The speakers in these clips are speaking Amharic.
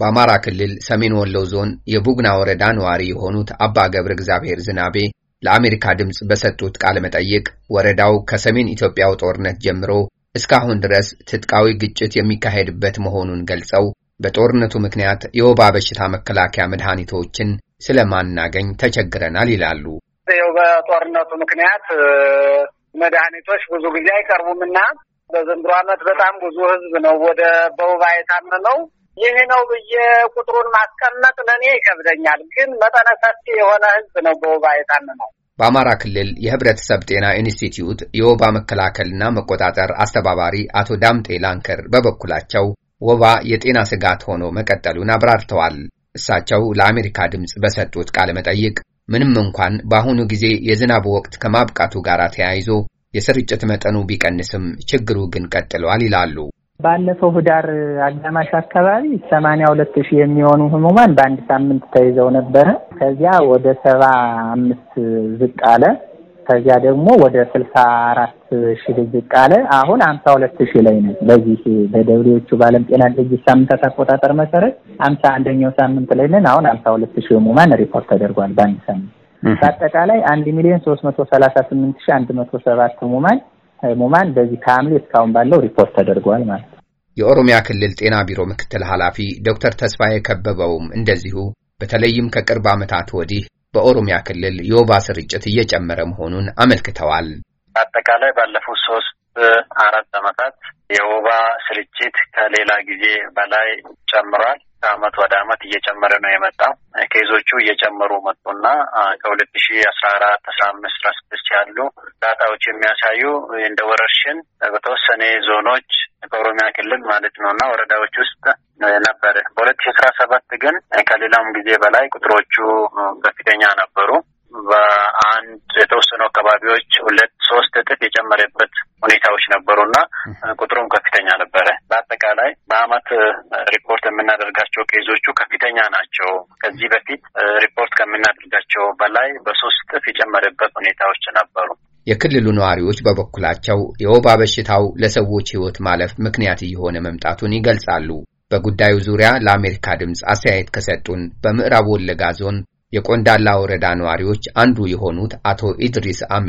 በአማራ ክልል ሰሜን ወሎ ዞን የቡግና ወረዳ ነዋሪ የሆኑት አባ ገብረ እግዚአብሔር ዝናቤ ለአሜሪካ ድምፅ በሰጡት ቃለ መጠይቅ ወረዳው ከሰሜን ኢትዮጵያው ጦርነት ጀምሮ እስካሁን ድረስ ትጥቃዊ ግጭት የሚካሄድበት መሆኑን ገልጸው በጦርነቱ ምክንያት የወባ በሽታ መከላከያ መድኃኒቶችን ስለማናገኝ ተቸግረናል ይላሉ። የወባ በጦርነቱ ምክንያት መድኃኒቶች ብዙ ጊዜ አይቀርቡምና በዘንድሮ ዓመት በጣም ብዙ ሕዝብ ነው ወደ በወባ የታመመው። ይህ ነው ብዬ ቁጥሩን ማስቀመጥ ለእኔ ይከብደኛል። ግን መጠነ ሰፊ የሆነ ህዝብ ነው በወባ የታመመው። በአማራ ክልል የህብረተሰብ ጤና ኢንስቲትዩት የወባ መከላከልና መቆጣጠር አስተባባሪ አቶ ዳምጤ ላንከር በበኩላቸው ወባ የጤና ስጋት ሆኖ መቀጠሉን አብራርተዋል። እሳቸው ለአሜሪካ ድምፅ በሰጡት ቃለ መጠይቅ ምንም እንኳን በአሁኑ ጊዜ የዝናቡ ወቅት ከማብቃቱ ጋር ተያይዞ የስርጭት መጠኑ ቢቀንስም ችግሩ ግን ቀጥሏል ይላሉ። ባለፈው ህዳር አጋማሽ አካባቢ ሰማንያ ሁለት ሺህ የሚሆኑ ህሙማን በአንድ ሳምንት ተይዘው ነበረ። ከዚያ ወደ ሰባ አምስት ዝቅ አለ። ከዚያ ደግሞ ወደ ስልሳ አራት ሺህ ዝቅ አለ። አሁን አምሳ ሁለት ሺህ ላይ ነው። በዚህ በደብሌዎቹ በዓለም ጤና ድርጅት ሳምንታት አቆጣጠር መሰረት አምሳ አንደኛው ሳምንት ላይ ነን። አሁን አምሳ ሁለት ሺህ ህሙማን ሪፖርት ተደርጓል በአንድ ሳምንት። በአጠቃላይ አንድ ሚሊዮን ሶስት መቶ ሰላሳ ስምንት ሺህ አንድ መቶ ሰባት ህሙማን ህሙማን በዚህ ከሐምሌ እስካሁን ባለው ሪፖርት ተደርጓል ማለት ነው። የኦሮሚያ ክልል ጤና ቢሮ ምክትል ኃላፊ ዶክተር ተስፋዬ ከበበውም እንደዚሁ በተለይም ከቅርብ ዓመታት ወዲህ በኦሮሚያ ክልል የወባ ስርጭት እየጨመረ መሆኑን አመልክተዋል። አጠቃላይ ባለፉት ሶስት አራት ዓመታት የወባ ስርጭት ከሌላ ጊዜ በላይ ጨምሯል። ከአመት ወደ አመት እየጨመረ ነው የመጣው። ኬዞቹ እየጨመሩ መጡና ከሁለት ሺ አስራ አራት አስራ አምስት አስራ ስድስት ያሉ ዳታዎች የሚያሳዩ እንደ ወረርሽን በተወሰነ ዞኖች ከኦሮሚያ ክልል ማለት ነው እና ወረዳዎች ውስጥ ነበረ። በሁለት ሺ አስራ ሰባት ግን ከሌላውም ጊዜ በላይ ቁጥሮቹ ከፍተኛ ነበሩ። በአንድ የተወሰኑ አካባቢዎች ሁለት የጨመረበት ሁኔታዎች ነበሩ እና ቁጥሩም ከፍተኛ ነበረ። በአጠቃላይ በአመት ሪፖርት የምናደርጋቸው ኬዞቹ ከፍተኛ ናቸው። ከዚህ በፊት ሪፖርት ከምናደርጋቸው በላይ በሶስት እጥፍ የጨመረበት ሁኔታዎች ነበሩ። የክልሉ ነዋሪዎች በበኩላቸው የወባ በሽታው ለሰዎች ሕይወት ማለፍ ምክንያት እየሆነ መምጣቱን ይገልጻሉ። በጉዳዩ ዙሪያ ለአሜሪካ ድምፅ አስተያየት ከሰጡን በምዕራብ ወለጋ ዞን የቆንዳላ ወረዳ ነዋሪዎች አንዱ የሆኑት አቶ ኢድሪስ አሜ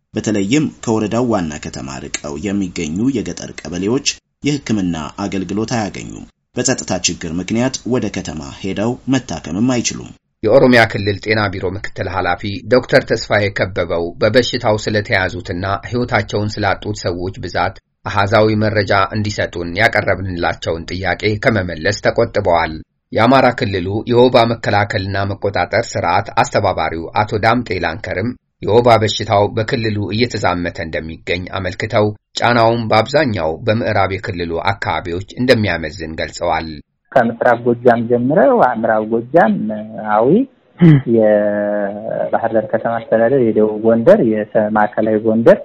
በተለይም ከወረዳው ዋና ከተማ ርቀው የሚገኙ የገጠር ቀበሌዎች የሕክምና አገልግሎት አያገኙም። በጸጥታ ችግር ምክንያት ወደ ከተማ ሄደው መታከምም አይችሉም። የኦሮሚያ ክልል ጤና ቢሮ ምክትል ኃላፊ ዶክተር ተስፋዬ ከበበው በበሽታው ስለተያዙትና ሕይወታቸውን ስላጡት ሰዎች ብዛት አሃዛዊ መረጃ እንዲሰጡን ያቀረብንላቸውን ጥያቄ ከመመለስ ተቆጥበዋል። የአማራ ክልሉ የወባ መከላከልና መቆጣጠር ስርዓት አስተባባሪው አቶ ዳምጤ ላንከርም የወባ በሽታው በክልሉ እየተዛመተ እንደሚገኝ አመልክተው ጫናውም በአብዛኛው በምዕራብ የክልሉ አካባቢዎች እንደሚያመዝን ገልጸዋል። ከምስራቅ ጎጃም ጀምረው ምዕራብ ጎጃም፣ አዊ፣ የባህር ዳር ከተማ አስተዳደር፣ የደቡብ ጎንደር፣ የማዕከላዊ ጎንደር፣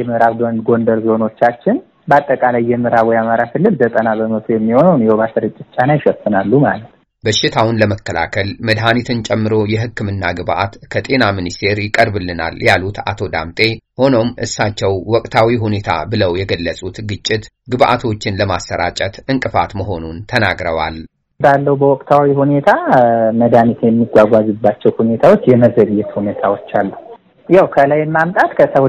የምዕራብ ጎንደር ዞኖቻችን በአጠቃላይ የምዕራቡ የአማራ ክልል ዘጠና በመቶ የሚሆነውን የወባ ስርጭት ጫና ይሸፍናሉ ማለት ነው። በሽታውን ለመከላከል መድኃኒትን ጨምሮ የሕክምና ግብዓት ከጤና ሚኒስቴር ይቀርብልናል ያሉት አቶ ዳምጤ፣ ሆኖም እሳቸው ወቅታዊ ሁኔታ ብለው የገለጹት ግጭት ግብዓቶችን ለማሰራጨት እንቅፋት መሆኑን ተናግረዋል። ባለው በወቅታዊ ሁኔታ መድኃኒት የሚጓጓዝባቸው ሁኔታዎች የመዘግየት ሁኔታዎች አሉ። ያው ከላይ ማምጣት ከሰው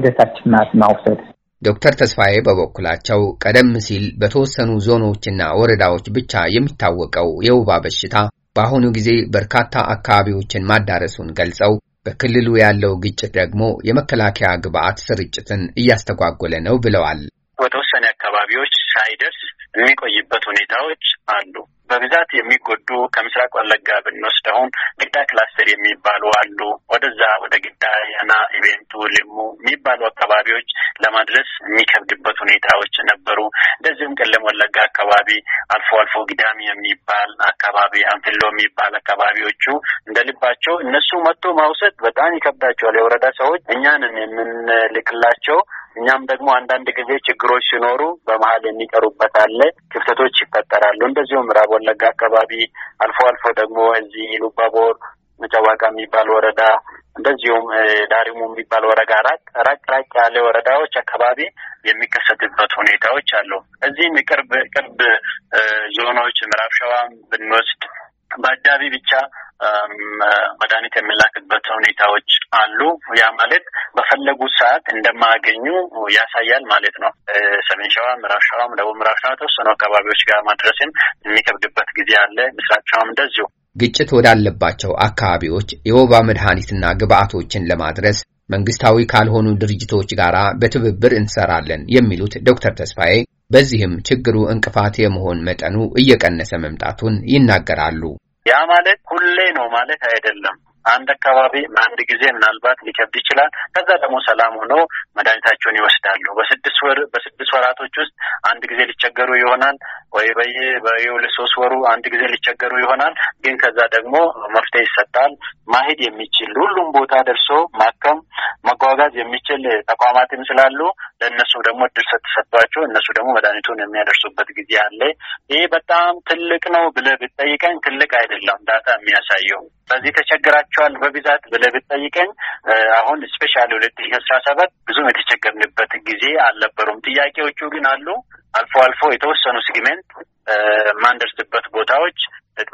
ማውሰድ ዶክተር ተስፋዬ በበኩላቸው ቀደም ሲል በተወሰኑ ዞኖችና ወረዳዎች ብቻ የሚታወቀው የውባ በሽታ በአሁኑ ጊዜ በርካታ አካባቢዎችን ማዳረሱን ገልጸው በክልሉ ያለው ግጭት ደግሞ የመከላከያ ግብዓት ስርጭትን እያስተጓጎለ ነው ብለዋል። በተወሰነ አካባቢዎች ሳይደርስ የሚቆይበት ሁኔታዎች አሉ። በብዛት የሚጎዱ ከምስራቅ ወለጋ ብንወስደውን ግዳ ክላስተር የሚባሉ አሉ። ወደዛ ወደ ግዳ፣ ያና፣ ኢቬንቱ፣ ልሙ የሚባሉ አካባቢዎች ለማድረስ የሚከብድበት ሁኔታዎች ነበሩ። እንደዚሁም ቀለም ወለጋ አካባቢ አልፎ አልፎ ግዳም የሚባል አካባቢ፣ አንፍሎ የሚባል አካባቢዎቹ እንደ ልባቸው እነሱ መጥቶ ማውሰድ በጣም ይከብዳቸዋል። የወረዳ ሰዎች እኛንን የምንልክላቸው እኛም ደግሞ አንዳንድ ጊዜ ችግሮች ሲኖሩ በመሀል የሚቀሩበት አለ፣ ክፍተቶች ይፈጠራሉ። እንደዚሁም ምዕራብ ወለጋ አካባቢ አልፎ አልፎ ደግሞ እዚህ ሉባቦር መጫዋቃ የሚባል ወረዳ እንደዚሁም ዳሪሙ የሚባል ወረዳ ራቅ ራቅ ራቅ ያለ ወረዳዎች አካባቢ የሚከሰትበት ሁኔታዎች አሉ። እዚህም ቅርብ ቅርብ ዞኖች ምዕራብ ሸዋም ብንወስድ በአጃቢ ብቻ መድኃኒት የሚላክበት ሁኔታዎች አሉ። ያ ማለት በፈለጉት ሰዓት እንደማያገኙ ያሳያል ማለት ነው። ሰሜን ሸዋ፣ ምዕራብ ሸዋም፣ ደቡብ ምዕራብ ሸዋ ተወሰኑ አካባቢዎች ጋር ማድረስም የሚከብድበት ጊዜ አለ። ምስራቅ ሸዋም እንደዚሁ ግጭት ወዳለባቸው አካባቢዎች የወባ መድኃኒትና ግብአቶችን ለማድረስ መንግስታዊ ካልሆኑ ድርጅቶች ጋር በትብብር እንሰራለን የሚሉት ዶክተር ተስፋዬ በዚህም ችግሩ እንቅፋት የመሆን መጠኑ እየቀነሰ መምጣቱን ይናገራሉ። ያ ማለት ሁሌ ነው ማለት አይደለም። አንድ አካባቢ አንድ ጊዜ ምናልባት ሊከብድ ይችላል። ከዛ ደግሞ ሰላም ሆኖ መድኃኒታቸውን ይወስዳሉ። በስድስት ወር በስድስት ወራቶች ውስጥ አንድ ጊዜ ሊቸገሩ ይሆናል ወይ በየ ሶስት ወሩ አንድ ጊዜ ሊቸገሩ ይሆናል። ግን ከዛ ደግሞ መፍትሄ ይሰጣል። ማሄድ የሚችል ሁሉም ቦታ ደርሶ ማከም መጓጓዝ የሚችል ተቋማትም ስላሉ ለእነሱ ደግሞ እድል ተሰጥቷቸው እነሱ ደግሞ መድኃኒቱን የሚያደርሱበት ጊዜ አለ። ይህ በጣም ትልቅ ነው ብለህ ብትጠይቀኝ ትልቅ አይደለም ዳታ የሚያሳየው በዚህ ተቸግራቸዋል በብዛት ብለህ ብትጠይቀኝ አሁን ስፔሻል ሁለት ሺ አስራ ሰባት ብዙም የተቸገርንበት ጊዜ አልነበሩም። ጥያቄዎቹ ግን አሉ። አልፎ አልፎ የተወሰኑ ሲግሜንት የማንደርስበት ቦታዎች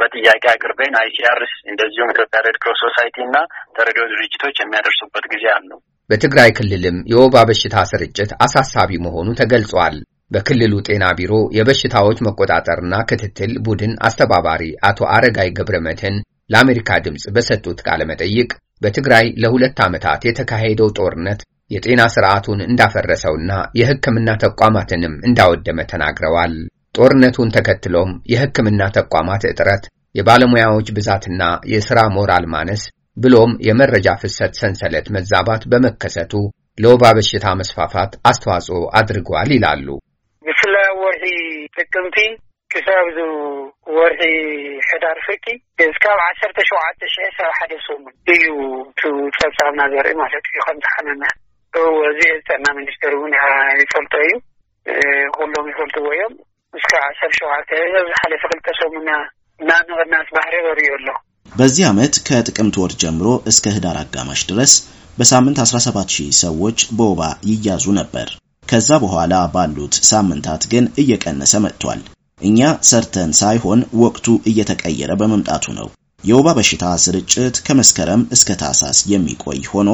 በጥያቄ አቅርበን አይሲአርስ እንደዚሁም ኢትዮጵያ ሬድ ክሮስ ሶሳይቲ እና ተረዶ ድርጅቶች የሚያደርሱበት ጊዜ አሉ። በትግራይ ክልልም የወባ በሽታ ስርጭት አሳሳቢ መሆኑ ተገልጿል። በክልሉ ጤና ቢሮ የበሽታዎች መቆጣጠርና ክትትል ቡድን አስተባባሪ አቶ አረጋይ ገብረ መተን። ለአሜሪካ ድምፅ በሰጡት ቃለ መጠይቅ በትግራይ ለሁለት ዓመታት የተካሄደው ጦርነት የጤና ስርዓቱን እንዳፈረሰውና የሕክምና ተቋማትንም እንዳወደመ ተናግረዋል። ጦርነቱን ተከትሎም የሕክምና ተቋማት እጥረት፣ የባለሙያዎች ብዛትና የሥራ ሞራል ማነስ ብሎም የመረጃ ፍሰት ሰንሰለት መዛባት በመከሰቱ ለወባ በሽታ መስፋፋት አስተዋጽኦ አድርጓል ይላሉ። ብፍላይ ወርሒ ጥቅምቲ ክሳብ ዚ ወርሒ ሕዳር ፍርቂ እስካብ ዓሰርተ ሸውዓተ ሽሕ ሰብ ሓደ ሰሙን እዩ ፀብፃብና ዘርኢ ማለት እዩ ከምዝሓመመ እዚ ዝጠና ሚኒስተር እውን ይፈልጦ እዩ ኩሎም ይፈልጥዎ እዮም እስካብ ዓሰርተ ሸውዓተ ኣብ ዝሓለፈ ክልተ ሰሙና ናብ ንቅናስ ባህሪ በሪኡ ኣሎ በዚህ ዓመት ከጥቅምት ወር ጀምሮ እስከ ህዳር አጋማሽ ድረስ በሳምንት 17000 ሰዎች በወባ ይያዙ ነበር። ከዛ በኋላ ባሉት ሳምንታት ግን እየቀነሰ መጥቷል። እኛ ሰርተን ሳይሆን ወቅቱ እየተቀየረ በመምጣቱ ነው። የወባ በሽታ ስርጭት ከመስከረም እስከ ታህሳስ የሚቆይ ሆኖ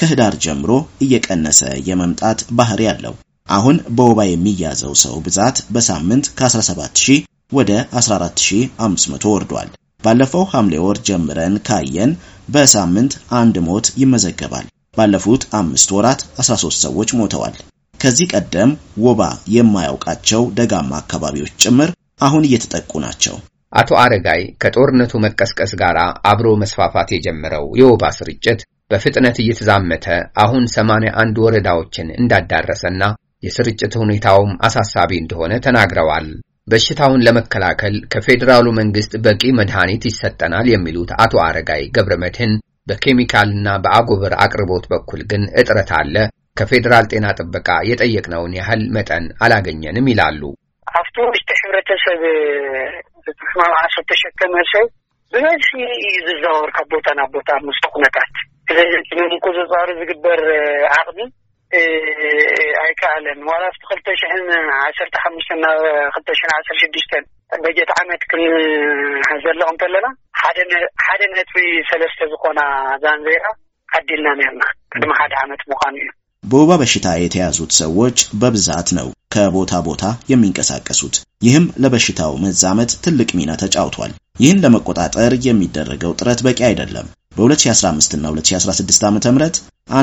ከህዳር ጀምሮ እየቀነሰ የመምጣት ባህሪ ያለው አሁን በወባ የሚያዘው ሰው ብዛት በሳምንት ከ17000 ወደ 14500 ወርዷል። ባለፈው ሐምሌ ወር ጀምረን ካየን በሳምንት አንድ ሞት ይመዘገባል። ባለፉት አምስት ወራት 13 ሰዎች ሞተዋል። ከዚህ ቀደም ወባ የማያውቃቸው ደጋማ አካባቢዎች ጭምር አሁን እየተጠቁ ናቸው። አቶ አረጋይ ከጦርነቱ መቀስቀስ ጋር አብሮ መስፋፋት የጀመረው የወባ ስርጭት በፍጥነት እየተዛመተ አሁን 81 አንድ ወረዳዎችን እንዳዳረሰና የስርጭት ሁኔታውም አሳሳቢ እንደሆነ ተናግረዋል። በሽታውን ለመከላከል ከፌዴራሉ መንግስት በቂ መድኃኒት ይሰጠናል የሚሉት አቶ አረጋይ ገብረ መድህን በኬሚካልና በአጎበር አቅርቦት በኩል ግን እጥረት አለ፣ كفيدرال تينا تبقى يتأيك نوني هل متن على جنيا نميل علو أفتو مستحبرة سب ما عاش تشكم هسه بنفس الزوار كبوتا نبوتا مستقنتات إذا من كل زوار زقبر عقدي أي كعلن ولا استخلت شحن عشر تحمشنا خلت شحن عشر شديشتن بجت عمت كل هزر لهم تلنا حدنا في نتوي سلسة زقونا زان زيرا عدلنا نعمة كل حد عمت مقامية በወባ በሽታ የተያዙት ሰዎች በብዛት ነው ከቦታ ቦታ የሚንቀሳቀሱት። ይህም ለበሽታው መዛመት ትልቅ ሚና ተጫውቷል። ይህን ለመቆጣጠር የሚደረገው ጥረት በቂ አይደለም። በ2015 እና 2016 ዓ.ም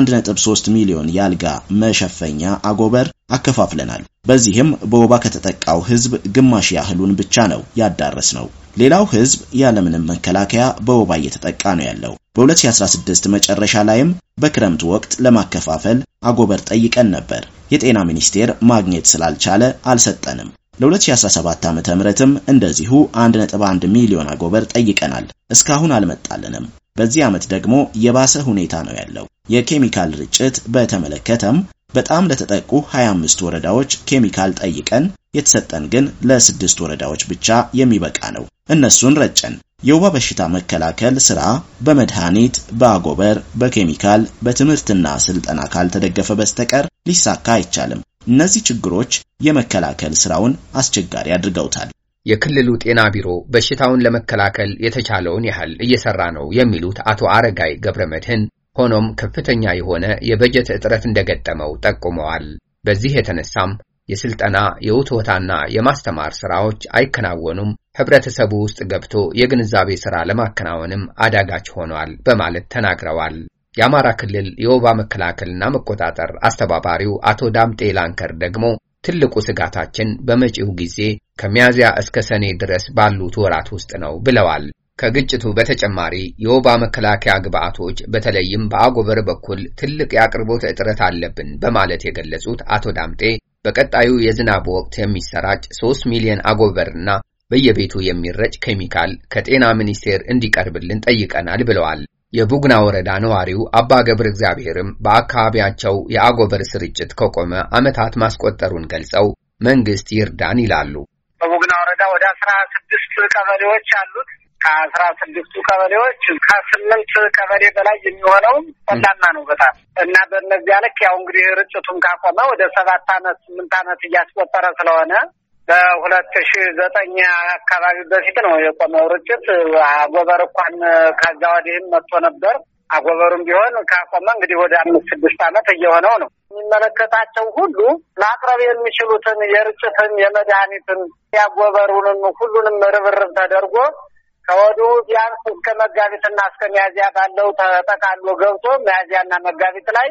1.3 ሚሊዮን የአልጋ መሸፈኛ አጎበር አከፋፍለናል። በዚህም በወባ ከተጠቃው ህዝብ ግማሽ ያህሉን ብቻ ነው ያዳረስ ነው። ሌላው ህዝብ ያለምንም መከላከያ በወባ እየተጠቃ ነው ያለው። በ2016 መጨረሻ ላይም በክረምት ወቅት ለማከፋፈል አጎበር ጠይቀን ነበር። የጤና ሚኒስቴር ማግኘት ስላልቻለ አልሰጠንም። ለ2017 ዓመተ ምህረትም እንደዚሁ 1.1 ሚሊዮን አጎበር ጠይቀናል። እስካሁን አልመጣልንም። በዚህ ዓመት ደግሞ የባሰ ሁኔታ ነው ያለው። የኬሚካል ርጭት በተመለከተም በጣም ለተጠቁ 25 ወረዳዎች ኬሚካል ጠይቀን የተሰጠን ግን ለስድስት ወረዳዎች ብቻ የሚበቃ ነው። እነሱን ረጨን። የወባ በሽታ መከላከል ስራ በመድኃኒት፣ በአጎበር፣ በኬሚካል፣ በትምህርትና ስልጠና ካልተደገፈ በስተቀር ሊሳካ አይቻልም። እነዚህ ችግሮች የመከላከል ስራውን አስቸጋሪ አድርገውታል። የክልሉ ጤና ቢሮ በሽታውን ለመከላከል የተቻለውን ያህል እየሰራ ነው የሚሉት አቶ አረጋይ ገብረ መድህን ሆኖም ከፍተኛ የሆነ የበጀት እጥረት እንደገጠመው ጠቁመዋል። በዚህ የተነሳም የስልጠና የውትወታና የማስተማር ስራዎች አይከናወኑም፣ ህብረተሰቡ ውስጥ ገብቶ የግንዛቤ ስራ ለማከናወንም አዳጋች ሆኗል በማለት ተናግረዋል። የአማራ ክልል የወባ መከላከልና መቆጣጠር አስተባባሪው አቶ ዳምጤ ላንከር ደግሞ ትልቁ ስጋታችን በመጪው ጊዜ ከሚያዝያ እስከ ሰኔ ድረስ ባሉት ወራት ውስጥ ነው ብለዋል። ከግጭቱ በተጨማሪ የወባ መከላከያ ግብዓቶች በተለይም በአጎበር በኩል ትልቅ የአቅርቦት እጥረት አለብን በማለት የገለጹት አቶ ዳምጤ በቀጣዩ የዝናብ ወቅት የሚሰራጭ 3 ሚሊዮን አጎበርና በየቤቱ የሚረጭ ኬሚካል ከጤና ሚኒስቴር እንዲቀርብልን ጠይቀናል ብለዋል። የቡግና ወረዳ ነዋሪው አባ ገብረ እግዚአብሔርም በአካባቢያቸው የአጎበር ስርጭት ከቆመ ዓመታት ማስቆጠሩን ገልጸው መንግስት ይርዳን ይላሉ። በቡግና ወረዳ ወደ አስራ ስድስት ቀበሌዎች አሉት ከአስራ ስድስቱ ቀበሌዎች ከስምንት ቀበሌ በላይ የሚሆነው ቆላማ ነው በጣም እና በእነዚያ ልክ ያው እንግዲህ ርጭቱን ካቆመ ወደ ሰባት አመት ስምንት አመት እያስቆጠረ ስለሆነ በሁለት ሺ ዘጠኝ አካባቢ በፊት ነው የቆመው ርጭት። አጎበር እንኳን ከዛ ወዲህም መጥቶ ነበር። አጎበሩም ቢሆን ካቆመ እንግዲህ ወደ አምስት ስድስት አመት እየሆነው ነው። የሚመለከታቸው ሁሉ ማቅረብ የሚችሉትን የርጭትን፣ የመድኃኒትን፣ ያጎበሩንም ሁሉንም ርብርብ ተደርጎ ከወዲሁ ቢያንስ እስከ መጋቢትና እስከ ሚያዚያ ባለው ተጠቃሎ ገብቶ ሚያዚያና መጋቢት ላይ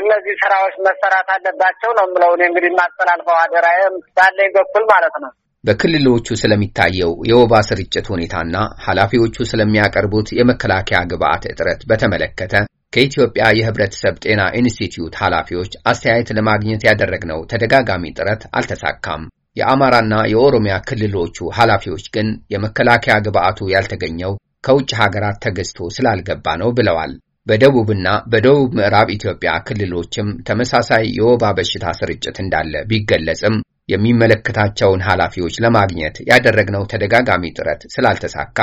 እነዚህ ስራዎች መሰራት አለባቸው ነው የምለው። እኔ እንግዲህ የማስተላልፈው አደራዬ ባለኝ በኩል ማለት ነው። በክልሎቹ ስለሚታየው የወባ ስርጭት ሁኔታና ኃላፊዎቹ ስለሚያቀርቡት የመከላከያ ግብዓት እጥረት በተመለከተ ከኢትዮጵያ የሕብረተሰብ ጤና ኢንስቲትዩት ኃላፊዎች አስተያየት ለማግኘት ያደረግነው ተደጋጋሚ ጥረት አልተሳካም። የአማራና የኦሮሚያ ክልሎቹ ኃላፊዎች ግን የመከላከያ ግብዓቱ ያልተገኘው ከውጭ ሀገራት ተገዝቶ ስላልገባ ነው ብለዋል። በደቡብና በደቡብ ምዕራብ ኢትዮጵያ ክልሎችም ተመሳሳይ የወባ በሽታ ስርጭት እንዳለ ቢገለጽም የሚመለከታቸውን ኃላፊዎች ለማግኘት ያደረግነው ተደጋጋሚ ጥረት ስላልተሳካ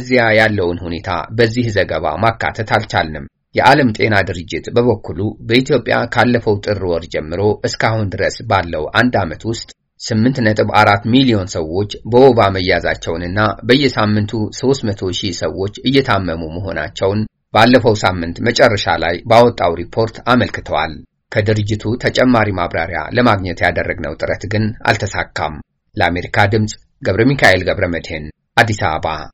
እዚያ ያለውን ሁኔታ በዚህ ዘገባ ማካተት አልቻልንም። የዓለም ጤና ድርጅት በበኩሉ በኢትዮጵያ ካለፈው ጥር ወር ጀምሮ እስካሁን ድረስ ባለው አንድ ዓመት ውስጥ 8.4 ሚሊዮን ሰዎች በወባ መያዛቸውንና በየሳምንቱ 300 ሺህ ሰዎች እየታመሙ መሆናቸውን ባለፈው ሳምንት መጨረሻ ላይ ባወጣው ሪፖርት አመልክተዋል። ከድርጅቱ ተጨማሪ ማብራሪያ ለማግኘት ያደረግነው ጥረት ግን አልተሳካም። ለአሜሪካ ድምፅ ገብረ ሚካኤል ገብረ መድህን አዲስ አበባ